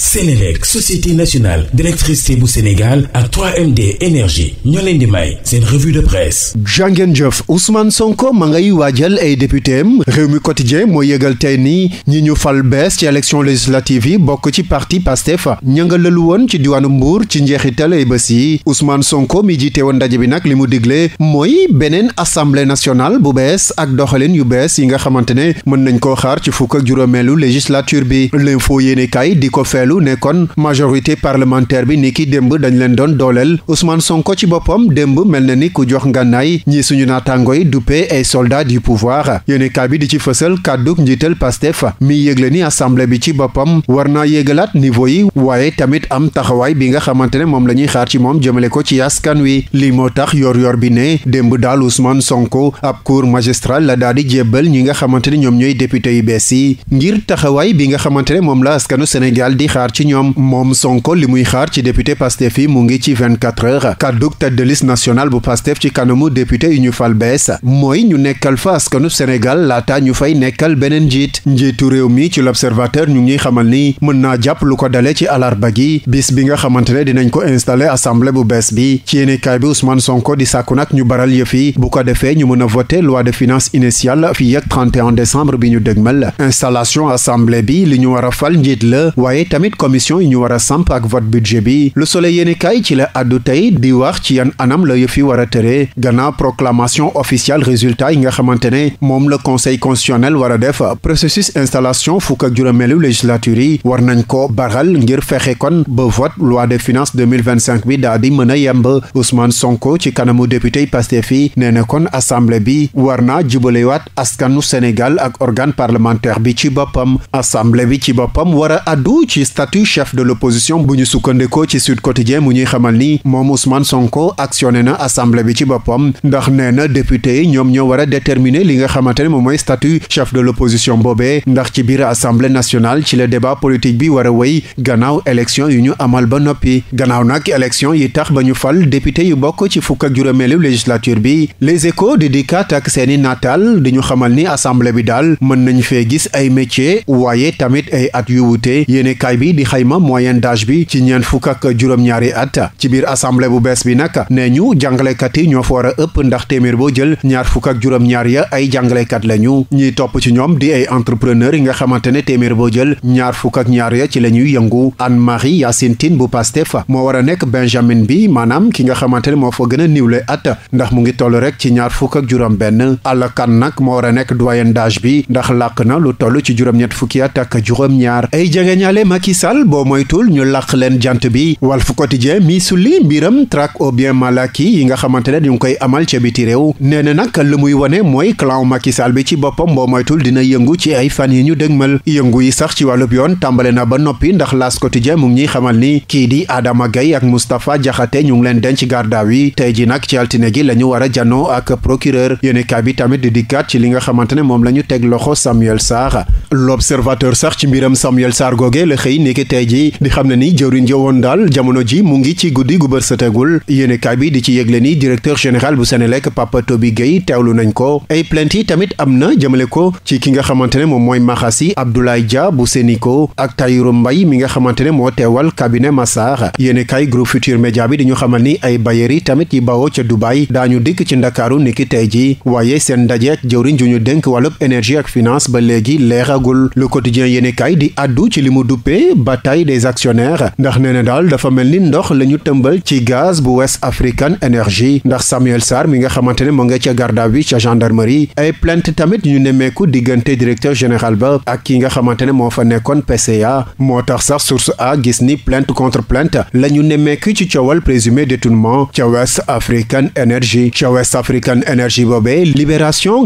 Sénélec société nationale d'électricité bu Sénégal ak 3MD énergie ñoo leen di may seen revue de presse jàngeen jëf Ousmane Sonko ma ngay waajal ay député am réew mi quotidien mooy yëgal tey nii ñi ñu fal bees ci élection législative yi bokk ci parti Pastef ña nga lëlu woon ci diwaanu Mbour ci njeexital ay bés yi Ousmane Sonko mi jiite woon ndaje bi nag li mu digle mooy beneen assemblée nationale bu bees ak doxalin yu bees yi nga xamante ne mën nañ koo xaar ci fukk ak juróomeelu législature bi l'info yéene kay di ko feel wàllu nekkoon majorité parlementaire bi ni ki démb dañu leen doon dooleel Ousmane Sonko ci boppam démb mel na ni ku jox ngànnaay ñi suñu naataango yi duppee ay soldats du pouvoir yéenekaay bi di ci fësal kàdduk njiital fa mi yéegle ni assemblée bi ci boppam war naa yéegalaat niveau yi waaye tamit am taxawaay bi nga xamante ne moom la ñuy xaar ci moom jëmale ko ci askan wi lii moo tax yor-yor bi ne démb daal Ousmane Sonko ab cour magistral la daal di jébbal ñi nga xamante ne ñoom ñooy député yu bees yi ngir taxawaay bi nga xamante ne moom la Sénégal di xaar ci ñoom moom Sonko li muy xaar ci député Pastef yi mu ngi ci 24 heures kàddug tête de liste nationale bu Pastef ci kanamu député yu ñu fal bees mooy ñu nekkal fa askanu Sénégal laata ñu fay nekkal beneen njiit njiitu réew mi ci l'Observateur ñu ngi xamal ni mën naa jàpp lu ko dale ci alarba gi bis bi nga xamante ne dinañ ko installé assemblée bu bees bi ci yéenekaay bi Ousmane Sonko di sàkku nag ñu baral yëf yi bu ko defee ñu mën a voté loi de finances initiale fii ak 31 décembre bi ñu dëgmal installation assemblée bi tamit commission yi ñu war a samp ak vote budget bi le soleil yéenekaay ci la àddu di wax ci yan anam la yëf yi war a tëree gannaaw proclamation officielle résultat yi nga xamante ne moom la conseil constitutionnel war a def processus installation fukk ak juróomeelu législature yi war nañ ko baral ngir fexe kon ba vot loi de finances 2025 bi daa di mën a yemb Ousmane Sonko ci kanamu député Pastef yi nee na kon assemblée bi war naa jubalewaat askanu Sénégal ak organe parlementaire bi ci boppam statut chef de l'opposition bu ñu sukkandikoo ci Sud Quotidien mu ñuy xamal ni moom Ousmane Sonko actionné na assemblée bi ci boppam ndax nee na député yi ñoom ñoo war a déterminer li nga xamante ne moom mooy statut chef de l'opposition boobee ndax ci biir assemblée nationale ci le débat politique bi war a wéy gannaaw élection yu ñu amal ba noppi gannaaw nag élection yi tax ba ñu fal député yu bokk ci fukk ak juróomeelu législature bi les échos di dikkaat ak seeni nataal di ñu xamal ni assemblée bi daal mën nañ fee gis ay métier waaye tamit ay at yu wute bi di xayma moyenne d'âge bi ci ñeent fukk ak juróom-ñaari at ci biir assemblée bu bees bi nag nee ñu jàngalekat yi ñoo fa war a ëpp ndax téeméer boo jël ñaar fukk ak juróom-ñaar ya ay jàngalekat lañu ñiy topp ci ñoom di ay entrepreneur yi nga xamante ne téeméer boo jël ñaar fukk ak ñaar ya ci la ñuy yëngu Anne Marie Yacine Tine bu Pastef moo war a nekk Benjamin bi maanaam ki nga xamante ne moo fa gën a niwle at ndax mu ngi toll rek ci ñaar fukk ak juróom benn àllkan nag moo war a nekk doyen d'âge bi ndax làkk na lu toll ci juróom-ñett fukki at ak Macky boo moytul ñu làq leen jant bi Walf Quotidien mi sulli mbiram traque au bien malaki yi nga xamante ne ñu ngi koy amal ca biti réew nee na nag li muy wone mooy clan Macky Sall bi ci boppam boo moytul dina yëngu ci ay fan yi ñu dëgmal yëngu yi sax ci wàllub yoon tàmbale na ba noppi ndax L'As Quotidien mu ngi ñuy xamal ni kii di Adama gay ak Moustapha Diakhaté ñu ngi leen denc gardaaw yi tey ji nag ci altine gi la ñu war a janoo ak procureur yéenekaay bi tamit di dikkaat ci li nga xamante ne moom la ñu teg loxo Samuel Sarr l'observateur sax ci mbiram Samuel Sarr googe la xëy niki tey ji di xam ne ni jëwriñ woon daal jamono ji mu ngi ci guddi gu bër sëtegul yéenekaay bi di ci yëgle ni directeur général bu lekk Papa Toby Gueye teewlu nañ ko ay plainte yi tamit am na jëmale ko ci ki nga xamante ne moom mooy Maxasi Abdoulaye Dia bu Senico ak Tayiru Mbay mi nga xamante ne moo teewal cabinet Massar yéenekaay groupe Futur Média bi di ñu xamal ni ay bailleurs yi tamit yi bawoo ca Dubaay daañu dikk ci Ndakaaru niki tey ji waaye seen ndajeek jëwriñ ju dénk wàllub énergie ak finance ba léegi yàggul le quotidien yéene kaay di àddu ci li mu duppee bataille des actionnaires ndax nee daal dafa mel ni ndox la ñu tëmbal ci gaz bu West African Energy ndax Samuel Sarr mi nga xamante ne moo nga ca garde à vue ca gendarmerie ay plainte tamit ñu nemmeeku diggante directeur général ba ak ki nga xamante ne moo fa nekkoon PCA moo tax sax source a gis ni plainte contre plainte la ñu nemmeeku ci coowal présumé détournement ca West African Energy ca West African Energy boobee libération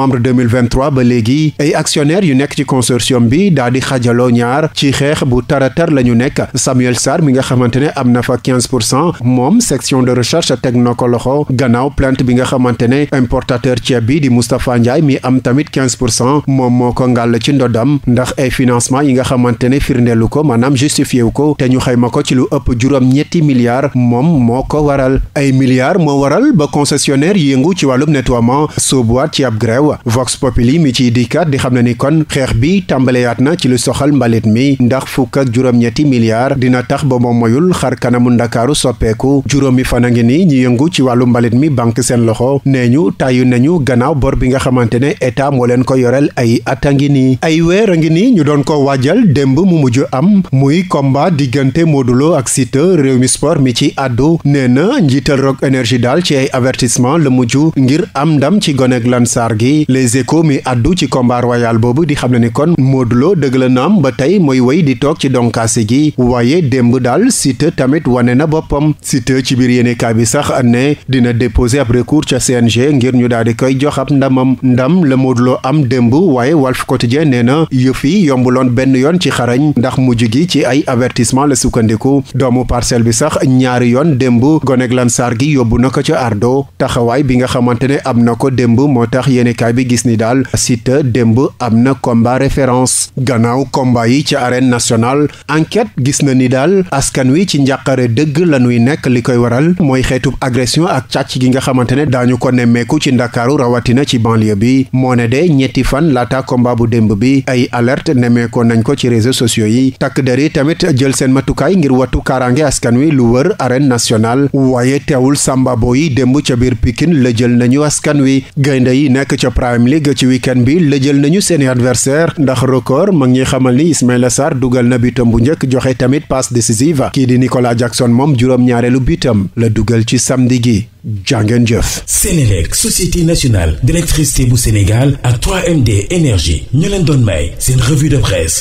novembre 2023 ba léegi ay actionnaire yu nekk ci consortium bi daal di xajaloo ñaar ci xeex bu taratar la ñu nekk Samuel Sarr mi nga xamante ne am na fa 15 pour cent moom section de recherche teg na ko loxo gannaaw plainte bi nga xamante ne importateur ceeb bi di Moustapha Ndiaye mi am tamit 15 pour cent moom moo ko ngàll ci ndodam ndax ay financement yi nga xamante ne firndeelu ko maanaam justifié wu ko te ñu xayma ko ci lu ëpp juróom ñetti milliards moom moo ko waral ay milliards moo waral ba concessionnaire yëngu ci wàllu nettoiement soobuwaat ci ab grève wa Vox Populi mi ciy dikkaat di xam ne ni kon xeex bi tàmbaleyaat na ci lu soxal mbalit mi ndax fukk ak juróom dina tax ba moom moyul xar kanamu ndakaaru soppeeku juróomi fan a ngi ni ñu yëngu ci wàllu mbalit mi banque seen loxo nee ñu tàyyu nañu gannaaw bor bi nga xamante ne état moo leen ko yoreel ay at a ngi nii ay weer a ngi ni ñu doon ko waajal démb mu mujj am muy combat diggante Modou ak ak réew mi Sport mi ci àddu nee na njiital Rock Énergie daal ci ay la mujj ngir am ndam ci gonek Lansar gi ci les échos mi addu ci combat royal boobu di xam ne ni kon Modou dëgg la naam ba tey mooy wéy di toog ci donkaasi gi waaye démb daal Siteu tamit wane na boppam Siteu ci biir yéenekaay bi sax ne dina déposer ab recours ca seen CNG ngir ñu daal di koy jox ab ndamam ndam la Modou Lo am démb waaye Walf Quotidien nee na yëf yi yombuloon benn yoon ci xarañ ndax mujj gi ci ay avertissement la sukkandiku doomu parcelle bi sax ñaari yoon démb goneg lan saar gi yóbbu na ko ca ardo yéenekaay bi gis ni daal Siteu démb am na combat référence gannaaw combat yi ca arène nationale enquête gis na ni daal askan wi ci njàqare dëgg la ñuy nekk li koy waral mooy xeetub agression ak càcc gi nga xamante ne daañu ko nemmeeku ci ndakaaru rawatina ci banlieue bi moo ne de ñetti fan laata combat bu démb bi ay alerte nemmeekoo nañ ko ci réseau sociaux yi takk der tamit jël seen matukaay ngir wattu kaaraange askan wi lu wër arène nationale waaye teewul sàmbabo la jël prime league ci week-end bi lëjël nañu seeni adversaire ndax record mag ñuy xamal ni Ismaïla Sarr dugal na bitam bu njëkk joxe tamit passe décisive kii di Nicolas Jackson moom juróom-ñaareelu bitam la dugal ci samedi gi jàngeen jëf Sénélec société nationale d'électricité bu Sénégal ak 3MD énergie ñu leen doon may seen revue de presse